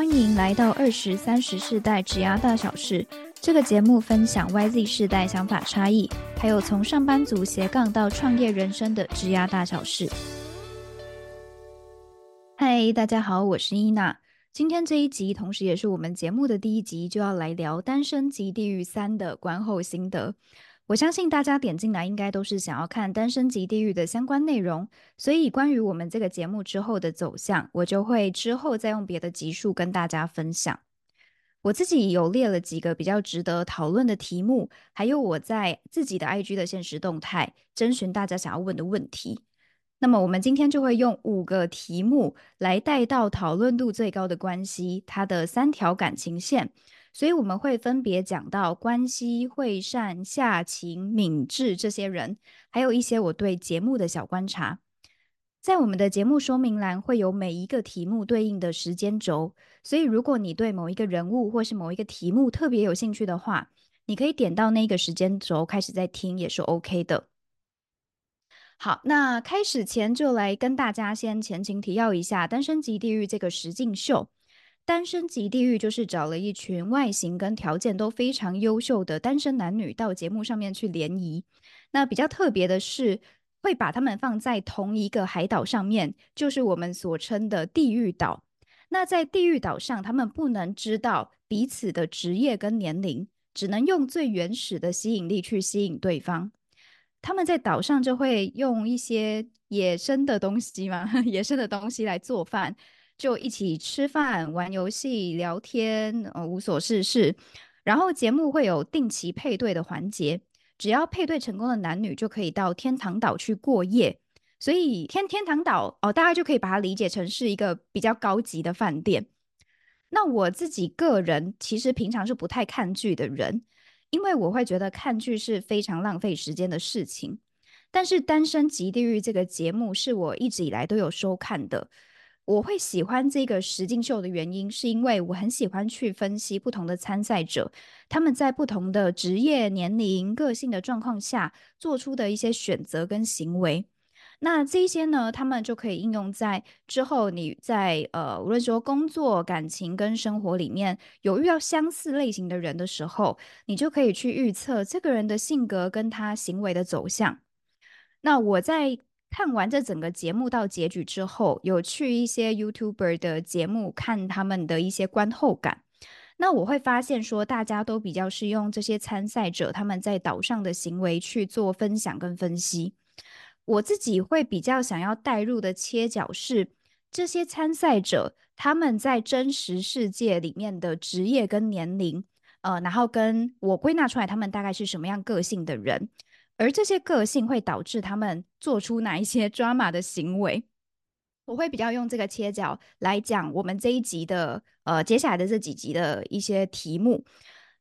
歡迎來到二十三十世代職涯大小事這個節目，分享 Y Z 世代想法差異，還有從上班族斜槓到創業人生的職涯大小事。嗨，大家好，我是伊娜。今天這一集，同時也是我們節目的第一集，就要來聊《單身即地獄三》的觀後心得。我相信大家點進來應該都是想要看《單身即地獄》的相關內容，所以關於我們這個節目之後的走向，我就會之後再用別的集數跟大家分享。我自己有列了幾個比較值得討論的題目，還有我在自己的 IG 的限時動態，徵詢大家想要問的問題。那麼我們今天就會用五個題目來帶到討論度最高的官熙，他的三條感情線。所以我們會分別講到官熙、慧善、廈晴、旻志這些人，還有一些我對節目的小觀察。在我們的節目說明欄會有每一個題目對應的時間軸，所以如果你對某一個人物或是某一個題目特別有興趣的話，你可以點到那個時間軸開始再聽也是 OK 的。好，那開始前就來跟大家先前情提要一下《單身即地獄》這個實境秀。單身即地獄就是找了一群外形跟條件都非常優秀的單身男女到節目上面去聯誼。那比較特別的是，會把他們放在同一個海島上面，就是我們所稱的地獄島。那在地獄島上，他們不能知道彼此的職業跟年齡，只能用最原始的吸引力去吸引對方。他們在島上就會用一些野生的東西嘛，野生的東西來做飯。就一起吃飯、玩遊戲、聊天，呃、哦，無所事事。然後節目會有定期配對的環節，只要配對成功的男女就可以到天堂島去過夜。所以天天堂島哦，大家就可以把它理解成是一個比較高級的飯店。那我自己個人其實平常是不太看劇的人，因為我會覺得看劇是非常浪費時間的事情。但是《單身即地獄》這個節目是我一直以來都有收看的。我會喜歡這個實境秀的原因，是因為我很喜歡去分析不同的參賽者，他們在不同的職業、年齡、個性的狀況下做出的一些選擇跟行為。那這些呢，他們就可以應用在之後你在呃，無論說工作、感情跟生活裡面，有遇到相似類型的人的時候，你就可以去預測這個人的性格跟他行為的走向。那我在看完這整個節目到結局之後，有去一些 YouTuber 的節目看他們的一些觀後感，那我會發現說，大家都比較是用這些參賽者他們在島上的行為去做分享跟分析。我自己會比較想要帶入的切角是這些參賽者他們在真實世界裡面的職業跟年齡，呃，然後跟我歸納出來他們大概是什麼樣個性的人。而這些個性會導致他們做出哪一些 drama 的行為？我會比較用這個切角來講我們這一集的呃接下來的這幾集的一些題目。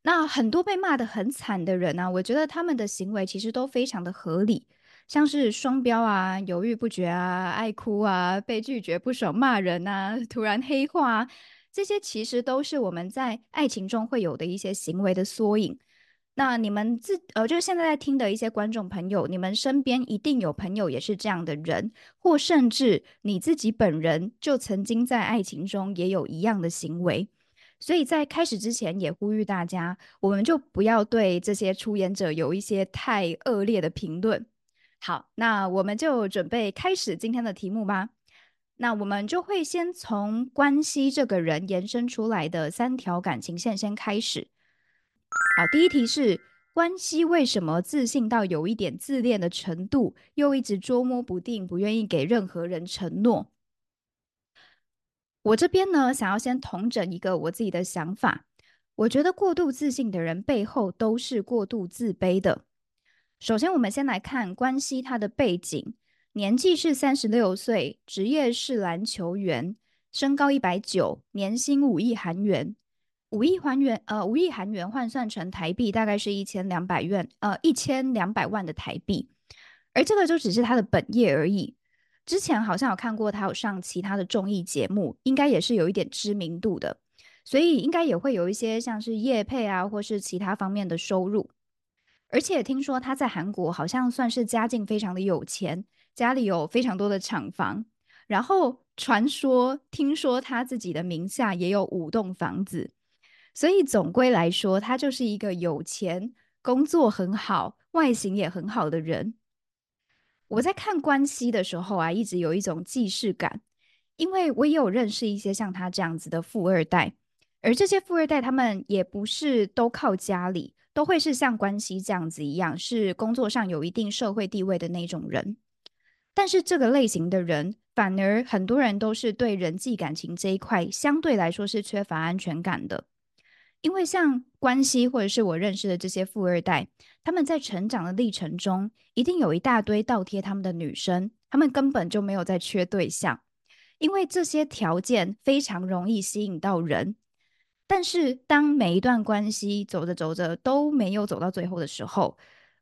那很多被罵得很慘的人呢、啊，我覺得他們的行為其實都非常的合理，像是雙標啊、猶豫不決啊、愛哭啊、被拒絕不爽罵人啊、突然黑化、啊，這些其實都是我們在愛情中會有的一些行為的縮影。那你們自呃，就是現在在聽的一些觀眾朋友，你們身邊一定有朋友也是這樣的人，或甚至你自己本人就曾經在愛情中也有一樣的行為。所以在開始之前，也呼籲大家，我們就不要對這些出演者有一些太惡劣的評論。好，那我們就準備開始今天的題目吧。那我們就會先從官熙這個人延伸出來的三條感情線先開始。好，第一題是官熙為什麼自信到有一點自戀的程度，又一直捉摸不定，不願意給任何人承諾？我這邊呢，想要先統整一個我自己的想法。我覺得過度自信的人背後都是過度自卑的。首先，我們先來看官熙他的背景：年紀是三十六歲，職業是籃球員，身高一百九，年薪五億韓元。五億韓元，呃，五億韓元換算成台幣大概是一千兩百元，呃，一千兩百萬的台幣。而這個就只是他的本業而已。之前好像有看過他有上其他的綜藝節目，應該也是有一點知名度的，所以應該也會有一些像是業配啊，或是其他方面的收入。而且聽說他在韓國好像算是家境非常的有錢，家裡有非常多的廠房，然後傳說聽說他自己的名下也有五棟房子。所以總歸來說，他就是一個有錢、工作很好、外形也很好的人。我在看官熙的時候啊，一直有一種既視感，因為我也有認識一些像他這樣子的富二代，而這些富二代他們也不是都靠家裡，都會是像官熙這樣子一樣，是工作上有一定社會地位的那種人。但是這個類型的人，反而很多人都是對人際感情這一塊相對來說是缺乏安全感的。因為像官熙或者是我認識的這些富二代，他們在成長的歷程中一定有一大堆倒貼他們的女生，他們根本就沒有在缺對象，因為這些條件非常容易吸引到人。但是當每一段關係走着走着都沒有走到最後的時候，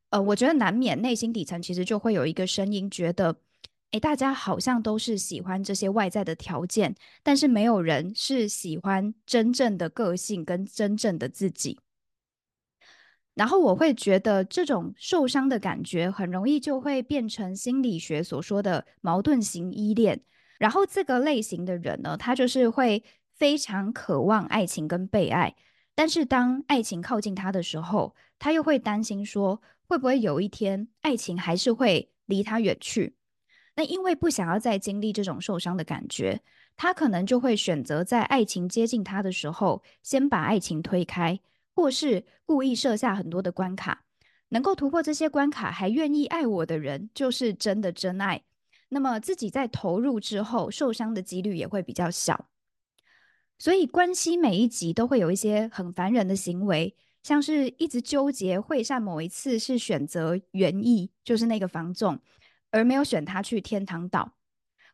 呃，我覺得難免內心底層其實就會有一個聲音覺得。欸，大家好像都是喜歡這些外在的條件，但是沒有人是喜歡真正的個性跟真正的自己。然後我會覺得這種受傷的感覺很容易就會變成心理學所說的矛盾型依戀。然後這個類型的人呢，他就是會非常渴望愛情跟被愛，但是當愛情靠近他的時候，他又會擔心說，會不會有一天愛情還是會離他遠去。那因為不想要再經歷這種受傷的感覺，他可能就會選擇在愛情接近他的時候，先把愛情推開，或是故意設下很多的關卡。能夠突破這些關卡，還願意愛我的人，就是真的真愛。那麼自己在投入之後，受傷的幾率也會比較小。所以官熙每一集都會有一些很煩人的行為，像是一直糾結慧善某一次是選擇袁藝，就是那個房總。而沒有選他去天堂島，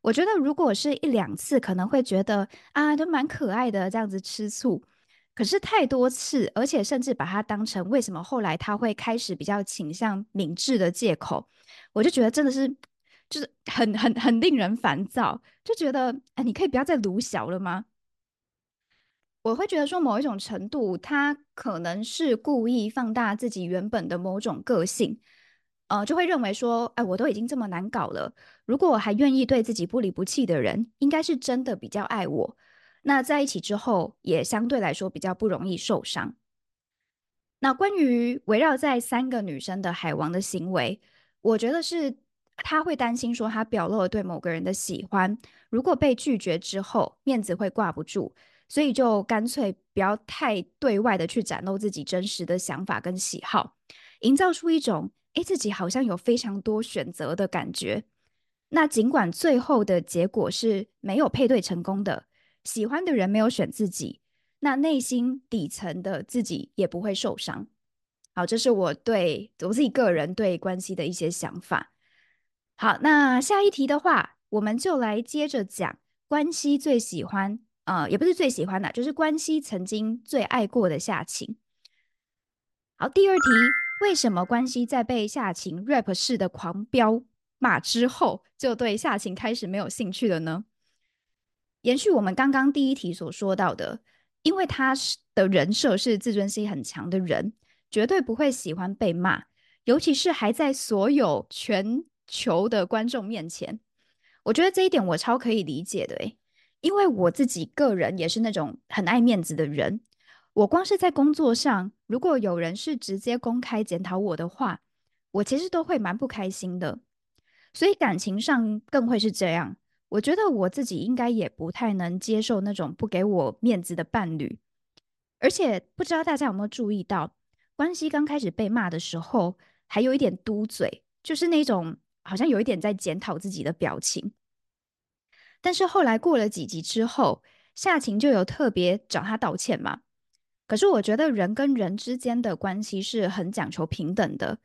我覺得如果是一兩次，可能會覺得啊，都蠻可愛的，這樣子吃醋。可是太多次，而且甚至把他當成為什麼後來他會開始比較傾向旻志的借口，我就覺得真的是，就是很很很令人煩躁，就覺得哎，你可以不要再盧小了嗎？我會覺得說某一種程度，他可能是故意放大自己原本的某種個性。呃，就會認為說，哎，我都已經這麼難搞了，如果我還願意對自己不離不棄的人，應該是真的比較愛我。那在一起之後，也相對來說比較不容易受傷。那關於圍繞在三個女生的海王的行為，我覺得是他會擔心說，他表露了對某個人的喜歡，如果被拒絕之後，面子會掛不住，所以就乾脆不要太對外的去展露自己真實的想法跟喜好，營造出一種。誒，自己好像有非常多選擇的感覺。那儘管最後的結果是沒有配對成功的，喜歡的人沒有選自己，那內心底層的自己也不會受傷。好，這是我對我自己個人對關係的一些想法。好，那下一題的話，我們就來接着講官熙最喜歡，呃，也不是最喜歡的，就是官熙曾經最愛過的廈晴。好，第二題。為什麼官熙在被廈晴 rap 式的狂飆罵之後，就對廈晴開始沒有興趣了呢？延續我們剛剛第一題所說到的，因為他是的人設是自尊心很強的人，絕對不會喜歡被罵，尤其是還在所有全球的觀眾面前。我覺得這一點我超可以理解的，欸，因為我自己個人也是那種很愛面子的人。我光是在工作上，如果有人是直接公開檢討我的話，我其實都會蠻不開心的。所以感情上更會是這樣。我覺得我自己應該也不太能接受那種不給我面子的伴侶。而且不知道大家有沒有注意到，官熙剛開始被罵的時候，還有一點嘟嘴，就是那種好像有一點在檢討自己的表情。但是後來過了幾集之後，廈晴就有特別找他道歉嘛。可是我覺得人跟人之間的關係是很講求平等的。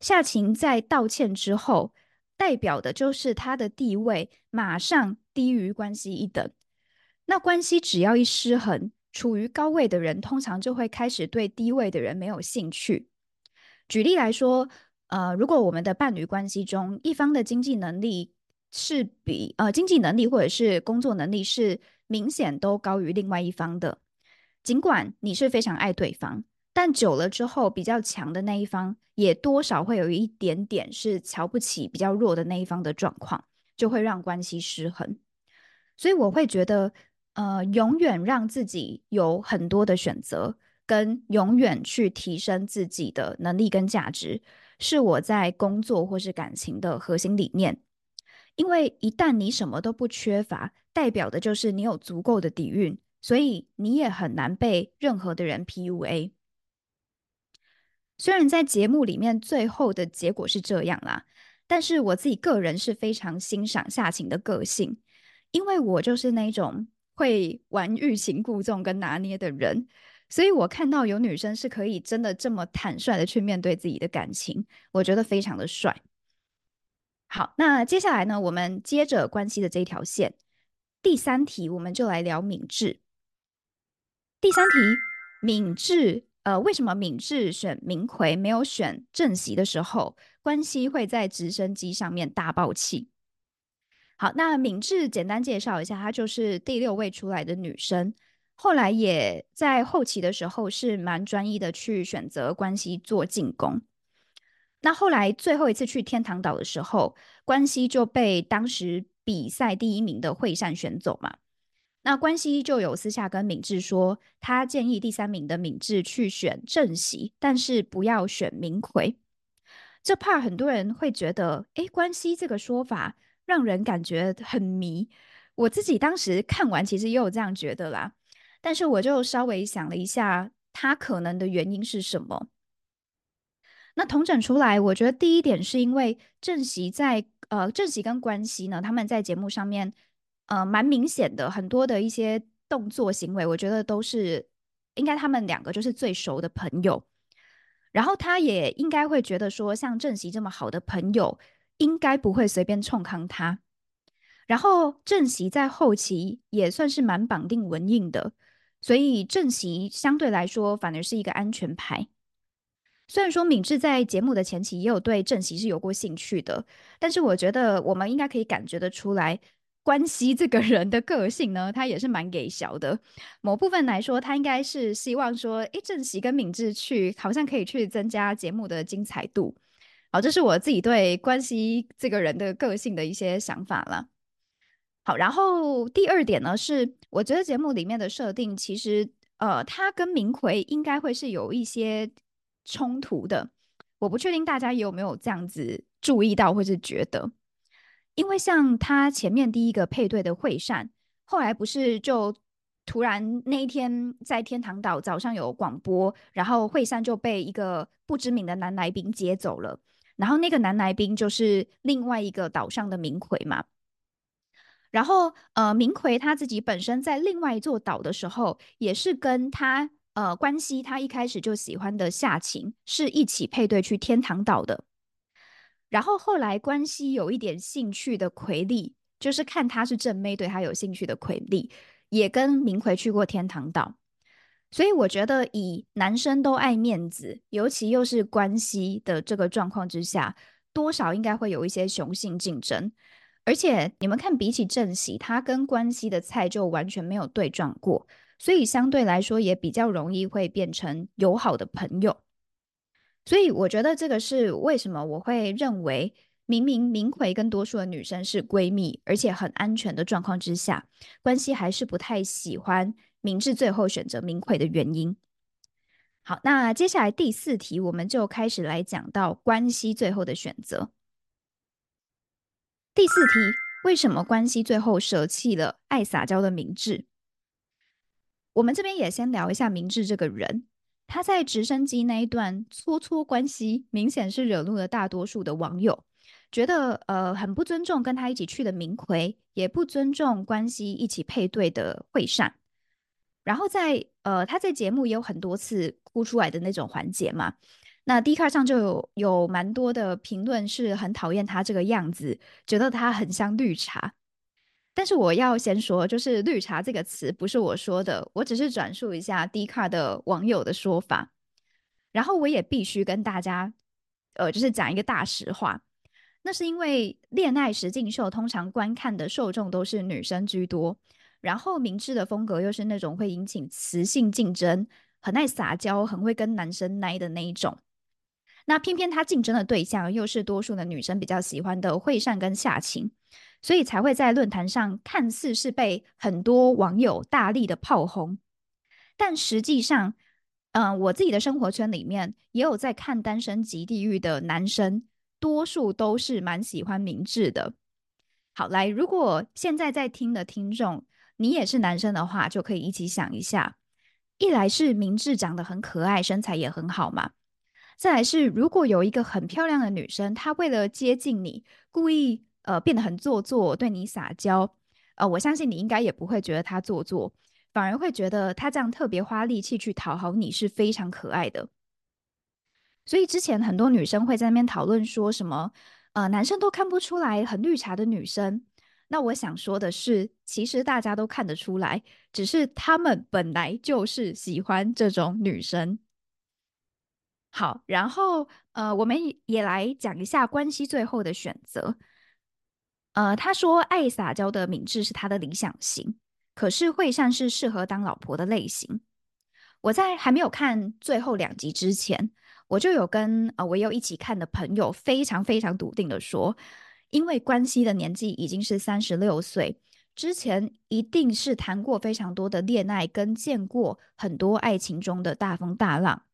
廈晴在道歉之後，代表的就是她的地位馬上低於官熙一等。那關係只要一失衡，處於高位的人通常就會開始對低位的人沒有興趣。舉例來說，呃，如果我們的伴侶關係中一方的經濟能力是比呃經濟能力或者是工作能力是明顯都高於另外一方的。儘管你是非常愛對方，但久了之後，比較強的那一方也多少會有一點點是瞧不起比較弱的那一方的狀況，就會讓關係失衡。所以我會覺得，呃，永遠讓自己有很多的選擇，跟永遠去提升自己的能力跟價值，是我在工作或是感情的核心理念。因為一旦你什麼都不缺乏，代表的就是你有足夠的底蘊。所以你也很難被任何的人 PUA。雖然在節目裡面最後的結果是這樣啦，但是我自己個人是非常欣賞廈晴的個性，因為我就是那種會玩欲擒故縱跟拿捏的人，所以我看到有女生是可以真的這麼坦率的去面對自己的感情，我覺得非常的帥。好，那接下來呢，我們接着關係的這一條線，第三題我們就來聊旻志。第三題，旻志，呃，為什麼旻志選民奎，沒有選鎮錫的時候，官熙會在直升機上面大爆氣？好，那旻志簡單介紹一下，她就是第六位出來的女生，後來也在後期的時候是蠻專一的去選擇官熙做進攻。那後來最後一次去天堂島的時候，官熙就被當時比賽第一名的慧善選走嘛。那官熙就有私下跟旻志說，他建議第三名的旻志去選鎮錫，但是不要選民奎。這怕很多人會覺得，哎，官熙這個說法讓人感覺很迷。我自己當時看完，其實也有這樣覺得啦。但是我就稍微想了一下，他可能的原因是什麼？那統整出來，我覺得第一點是因為鎮錫在呃，鎮錫跟官熙呢，他們在節目上面。呃，蠻明顯的，很多的一些動作行為，我覺得都是應該他們兩個就是最熟的朋友，然後他也應該會覺得說，像鎮錫這麼好的朋友，應該不會隨便衝康他。然後鎮錫在後期也算是蠻綁定文印的，所以鎮錫相對來說反而是一個安全牌。雖然說旻志在節目的前期也有對鎮錫是有過興趣的，但是我覺得我們應該可以感覺得出來。官熙這個人的個性呢，他也是蠻給小的。某部分來說，他應該是希望說，哎，鎮錫跟旻志去，好像可以去增加節目的精彩度。好，這是我自己對官熙這個人的個性的一些想法了。好，然後第二點呢，是我覺得節目裡面的設定其實，呃，他跟民奎應該會是有一些衝突的。我不確定大家有沒有這樣子注意到，或是覺得。因為像他前面第一個配對的慧善，後來不是就突然那一天在天堂島早上有廣播，然後慧善就被一個不知名的男來賓接走了。然後那個男來賓就是另外一個島上的民奎嘛。然後呃，民奎他自己本身在另外一座島的時候，也是跟他呃關係，他一開始就喜歡的廈晴是一起配對去天堂島的。然後後來官熙有一點興趣的奎利，就是看他是正妹，對他有興趣的奎利，也跟民奎去過天堂島。所以我覺得以男生都愛面子，尤其又是官熙的這個狀況之下，多少應該會有一些雄性競爭。而且你們看，比起鎮錫，他跟官熙的菜就完全沒有對撞過，所以相對來說也比較容易會變成友好的朋友。所以，我覺得這個是為什麼我會認為明明民奎跟多數的女生是閨蜜，而且很安全的狀況之下，官熙還是不太喜歡旻志最後選擇民奎的原因。好，那接下來第四題，我們就開始來講到官熙最後的選擇。第四題，為什麼官熙最後捨棄了愛撒嬌的旻志？我們這邊也先聊一下旻志這個人。他在直升機那一段搓搓關係，明顯是惹怒了大多數的網友，覺得呃很不尊重跟他一起去的民奎，也不尊重官熙一起配對的慧善。然後在呃他在節目也有很多次哭出來的那種環節嘛，那 Dcard 上就有有蠻多的評論是很討厭他這個樣子，覺得他很像綠茶。但是我要先說，就是「綠茶」這個詞不是我說的，我只是轉述一下 D 卡的網友的說法。然後我也必須跟大家，呃，就是講一個大實話，那是因為戀愛實境秀通常觀看的受眾都是女生居多，然後旻志的風格又是那種會引起雌性競爭，很愛撒嬌，很會跟男生奶的那一種。那偏偏他競爭的對象又是多數的女生比較喜歡的慧善跟廈晴。所以才會在論壇上看似是被很多網友大力的炮轟，但實際上，嗯、呃，我自己的生活圈裡面也有在看《單身即地獄》的男生，多數都是蠻喜歡旻志的。好，來，如果現在在聽的聽眾你也是男生的話，就可以一起想一下：一來是旻志長得很可愛，身材也很好嘛；再來是如果有一個很漂亮的女生，她為了接近你，故意，呃，變得很做作，對你撒嬌，呃，我相信你應該也不會覺得他做作，反而會覺得他這樣特別花力氣去討好你是非常可愛的。所以之前很多女生會在那邊討論說什麼，呃，男生都看不出來很綠茶的女生。那我想說的是，其實大家都看得出來，只是他們本來就是喜歡這種女生。好，然後呃，我們也來講一下官熙最後的選擇。呃，他說愛撒嬌的旻志是他的理想型，可是慧善是適合當老婆的類型。我在還沒有看最後兩集之前，我就有跟呃，我有一起看的朋友非常非常篤定的說，因為官熙的年紀已經是三十六歲，之前一定是談過非常多的戀愛，跟見過很多愛情中的大風大浪，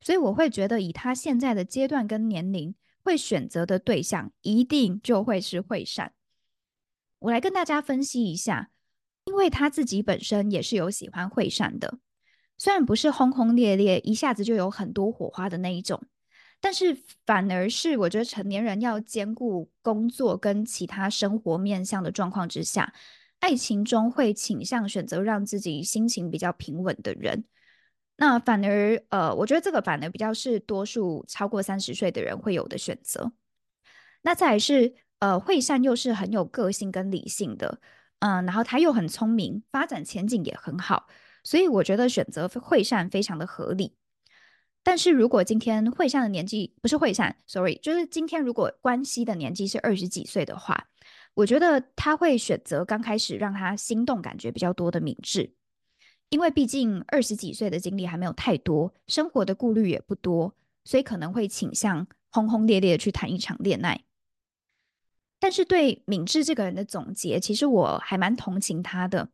所以我會覺得以他現在的階段跟年齡，會選擇的對象一定就會是慧善。我來跟大家分析一下，因為他自己本身也是有喜歡慧善的，雖然不是轟轟烈烈一下子就有很多火花的那一種，但是反而是我覺得成年人要兼顧工作跟其他生活面向的狀況之下，愛情中會傾向選擇讓自己心情比較平穩的人，那反而呃，我覺得這個反而比較是多數超過三十歲的人會有的選擇，那再來是，呃，慧善又是很有個性跟理性的，嗯、呃，然後他又很聰明，發展前景也很好，所以我覺得選擇慧善非常的合理。但是如果今天慧善的年紀不是慧善，sorry，就是今天如果官熙的年紀是二十幾歲的話，我覺得他會選擇剛開始讓他心動感覺比較多的旻志，因為畢竟二十幾歲的經歷還沒有太多，生活的顧慮也不多，所以可能會傾向轟轟烈烈去談一場戀愛。但是對旻志這個人的總結，其實我還蠻同情他的，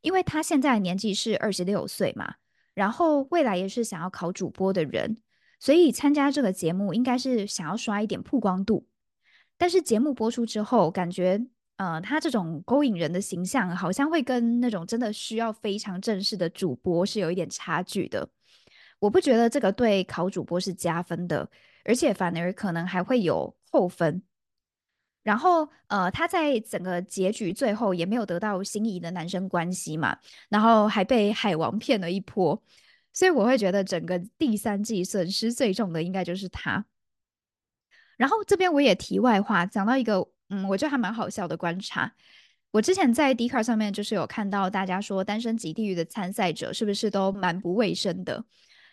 因為他現在年紀是二十六歲嘛，然後未來也是想要考主播的人，所以參加這個節目應該是想要刷一點曝光度。但是節目播出之後，感覺呃，他這種勾引人的形象，好像會跟那種真的需要非常正式的主播是有一點差距的。我不覺得這個對考主播是加分的，而且反而可能還會有扣分。然後，呃，他在整個結局最後也沒有得到心儀的男生關係嘛，然後還被海王騙了一波，所以我會覺得整個第三季損失最重的應該就是他。然後這邊我也題外話講到一個，嗯，我覺得還蠻好笑的觀察，我之前在 Dcard 上面就是有看到大家說單身即地獄的參賽者是不是都蠻不衛生的，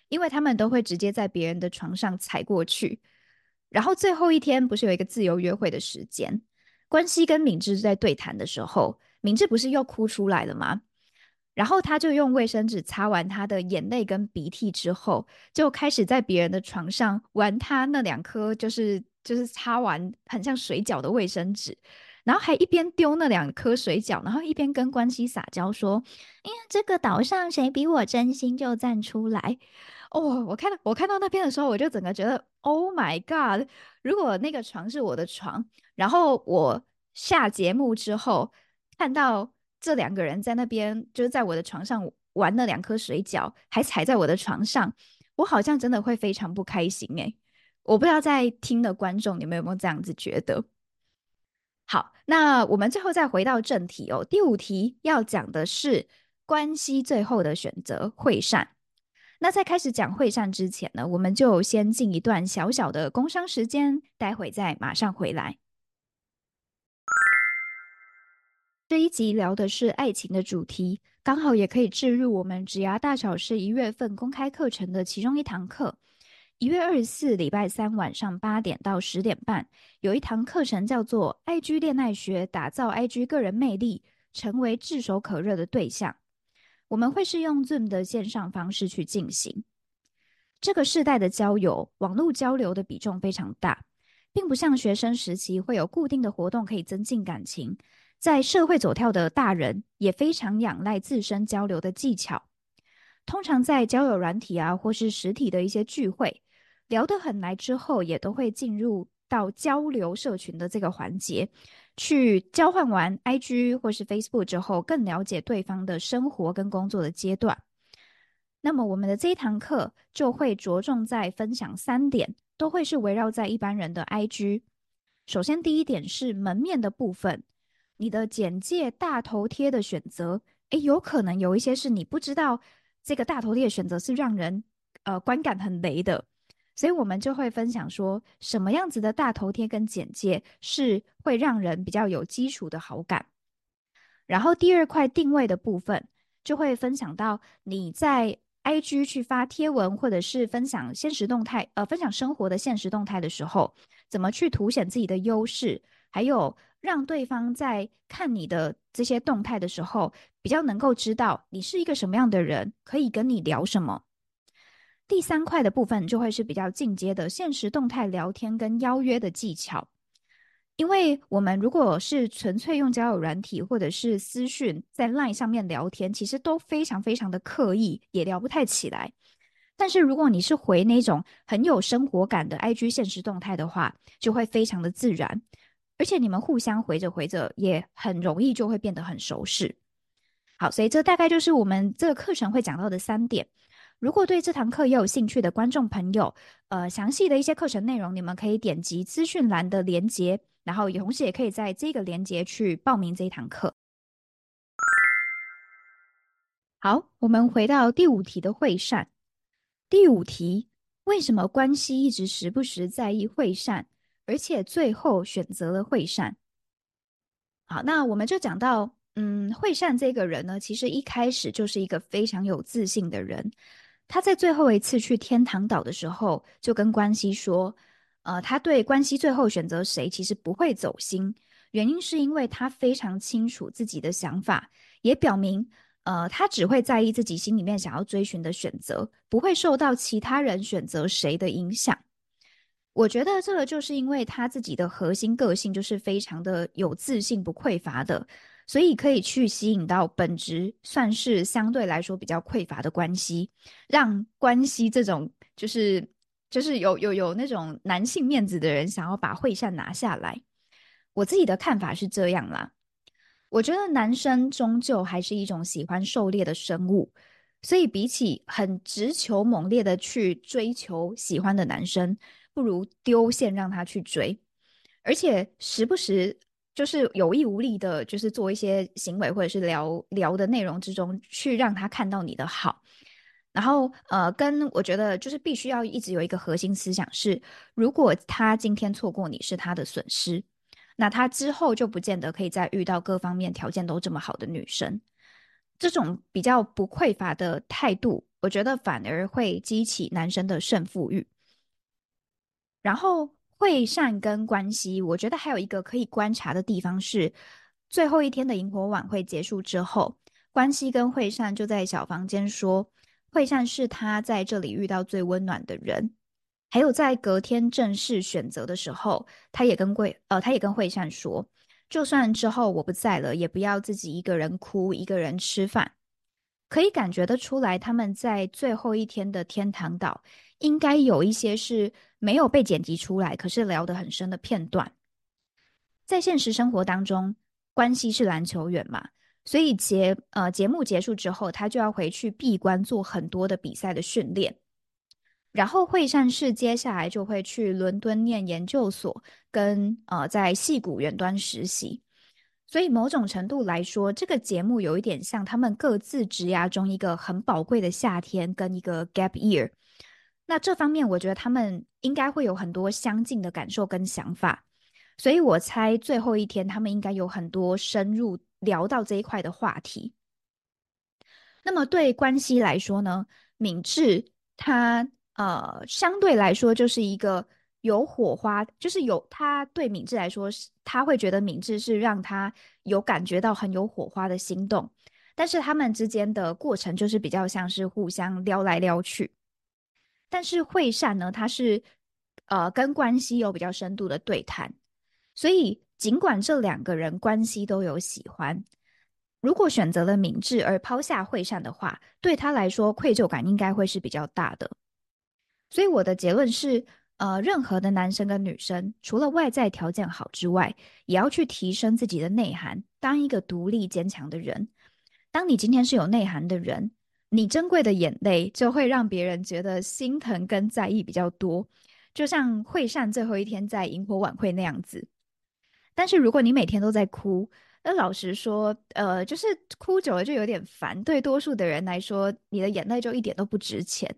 因為他們都會直接在別人的床上踩過去。然後最後一天不是有一個自由約會的時間，官熙跟旻志在對談的時候，旻志不是又哭出來了嗎？然後他就用衛生紙擦完他的眼淚跟鼻涕之後，就開始在別人的床上玩他那兩顆就是就是擦完很像水餃的衛生紙，然後還一邊丟那兩顆水餃，然後一邊跟官熙撒嬌說：“因為這個島上誰比我真心就站出來。”哦，oh, 我看到我看到那邊的時候，我就整個覺得，Oh my god！如果那個床是我的床，然後我下節目之後看到這兩個人在那邊，就是在我的床上玩了兩顆水餃，還踩在我的床上，我好像真的會非常不開心哎！我不知道在聽的觀眾你們有沒有這樣子覺得？好，那我們最後再回到正題哦，第五題要講的是官熙最後的選擇慧善。那在開始講慧善之前呢，我們就先進一段小小的工商時間，待會再馬上回來。這一集聊的是愛情的主題，剛好也可以置入我們職涯大導師一月份公開課程的其中一堂課。一月二十四，禮拜三晚上八點到十點半，有一堂課程叫做《IG 戀愛學》，打造 IG 個人魅力，成為炙手可熱的對象。我們會是用 Zoom 的線上方式去進行。這個世代的交友，網絡交流的比重非常大，並不像學生時期會有固定的活動可以增進感情。在社會走跳的大人也非常仰賴自身交流的技巧。通常在交友軟體啊，或是實體的一些聚會，聊得很來之後，也都會進入到交流社群的這個環節。去交換完 IG 或是 Facebook 之後，更了解對方的生活跟工作的階段。那麼我們的這一堂課就會着重在分享三點，都會是圍繞在一般人的 IG。首先第一點是門面的部分，你的簡介、大頭貼的選擇，誒，有可能有一些是你不知道這個大頭貼的選擇是讓人呃觀感很雷的。所以我們就會分享說什麼樣子的大頭貼跟簡介是會讓人比較有基礎的好感，然後第二塊定位的部分就會分享到你在 IG 去發貼文或者是分享限時動態，呃，分享生活的限時動態的時候，怎麼去凸顯自己的優勢，還有讓對方在看你的這些動態的時候，比較能夠知道你是一個什麼樣的人，可以跟你聊什麼。第三塊的部分就會是比較進階的限時動態聊天跟邀約的技巧，因為我們如果是純粹用交友軟體或者是私訊在 LINE 上面聊天，其實都非常非常的刻意，也聊不太起來。但是如果你是回那種很有生活感的 IG 限時動態的話，就會非常的自然，而且你們互相回着回着，也很容易就會變得很熟識。好，所以這大概就是我們這個課程會講到的三點。如果對這堂課也有興趣的觀眾朋友，呃，詳細的一些課程內容，你們可以點擊資訊欄的連結，然後同時也可以在這個連結去報名這一堂課。好，我們回到第五題的慧善。第五題，為什麼官熙一直時不時在意慧善，而且最後選擇了慧善？好，那我們就講到，嗯，慧善這個人呢，其實一開始就是一個非常有自信的人。他在最後一次去天堂島的時候，就跟官熙說：“呃，他對官熙最後選擇誰，其實不會走心。原因是因為他非常清楚自己的想法，也表明，呃，他只會在意自己心裡面想要追尋的選擇，不會受到其他人選擇誰的影響。我覺得這個就是因為他自己的核心個性，就是非常的有自信、不匱乏的。”所以可以去吸引到本質算是相對來說比較匱乏的官熙，讓官熙這種就是就是有有有那種男性面子的人想要把慧善拿下來。我自己的看法是這樣啦，我覺得男生終究還是一種喜歡狩獵的生物，所以比起很直求猛烈的去追求喜歡的男生，不如丟線，讓他去追，而且時不時。就是有意無意的，就是做一些行為或者是聊聊的內容之中，去讓他看到你的好。然後，呃，跟我覺得就是必須要一直有一個核心思想是：如果他今天錯過你是他的損失，那他之後就不見得可以再遇到各方面條件都這麼好的女生。這種比較不匱乏的態度，我覺得反而會激起男生的勝負慾。然後。慧善跟官熙，我覺得還有一個可以觀察的地方是，最後一天的螢火晚會結束之後，官熙跟慧善就在小房間說，慧善是他在這裡遇到最溫暖的人。還有在隔天正式選擇的時候，他也跟慧，呃，他也跟慧善說，就算之後我不在了，也不要自己一個人哭，一個人吃飯。可以感覺得出來，他們在最後一天的天堂島。應該有一些是沒有被剪輯出來，可是聊得很深的片段。在現實生活當中，官熙是籃球員嘛，所以節呃節目結束之後，他就要回去閉關做很多的比賽的訓練。然後慧善是接下來就會去倫敦念研究所，跟呃在矽谷遠端實習。所以某種程度來說，這個節目有一點像他們各自職涯中一個很寶貴的夏天跟一個 gap year。那這方面，我覺得他們應該會有很多相近的感受跟想法，所以我猜最後一天他們應該有很多深入聊到這一塊的話題。那麼對官熙來說呢，旻志他呃相對來說就是一個有火花，就是有他對旻志來說是他會覺得旻志是讓他有感覺到很有火花的心動，但是他們之間的過程就是比較像是互相撩來撩去。但是慧善呢，他是，呃，跟官熙有比較深度的對談，所以儘管這兩個人官熙都有喜歡，如果選擇了旻志而拋下慧善的話，對他來說愧疚感應該會是比較大的。所以我的結論是，呃，任何的男生跟女生，除了外在條件好之外，也要去提升自己的內涵，當一個獨立堅強的人。當你今天是有內涵的人。你珍貴的眼淚就會讓別人覺得心疼跟在意比較多，就像慧善最後一天在營火晚會那樣子。但是如果你每天都在哭，那老實說，呃，就是哭久了就有點煩。對多數的人來說，你的眼淚就一點都不值錢。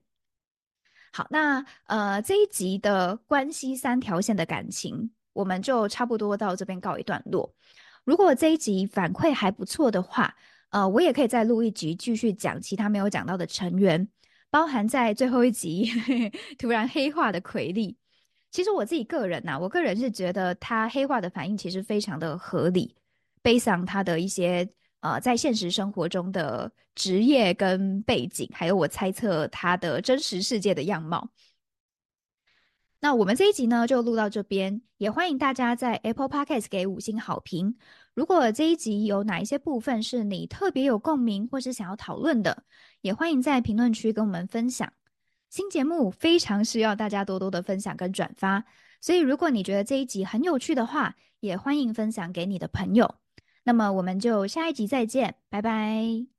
好，那呃這一集的關係三條線的感情，我們就差不多到這邊告一段落。如果這一集反饋還不錯的話，呃、我也可以再錄一集，繼續講其他沒有講到的成員，包含在最後一集呵呵突然黑化的奎利。其實我自己個人吶、啊，我個人是覺得他黑化的反應其實非常的合理，based on 他的一些呃在現實生活中的職業跟背景，還有我猜測他的真實世界的樣貌。那我們這一集呢，就錄到這邊，也歡迎大家在 Apple Podcast 給五星好評。如果這一集有哪一些部分是你特別有共鳴或是想要討論的，也歡迎在評論區跟我們分享。新節目非常需要大家多多的分享跟轉發，所以如果你覺得這一集很有趣的話，也歡迎分享給你的朋友。那麼我們就下一集再見，拜拜。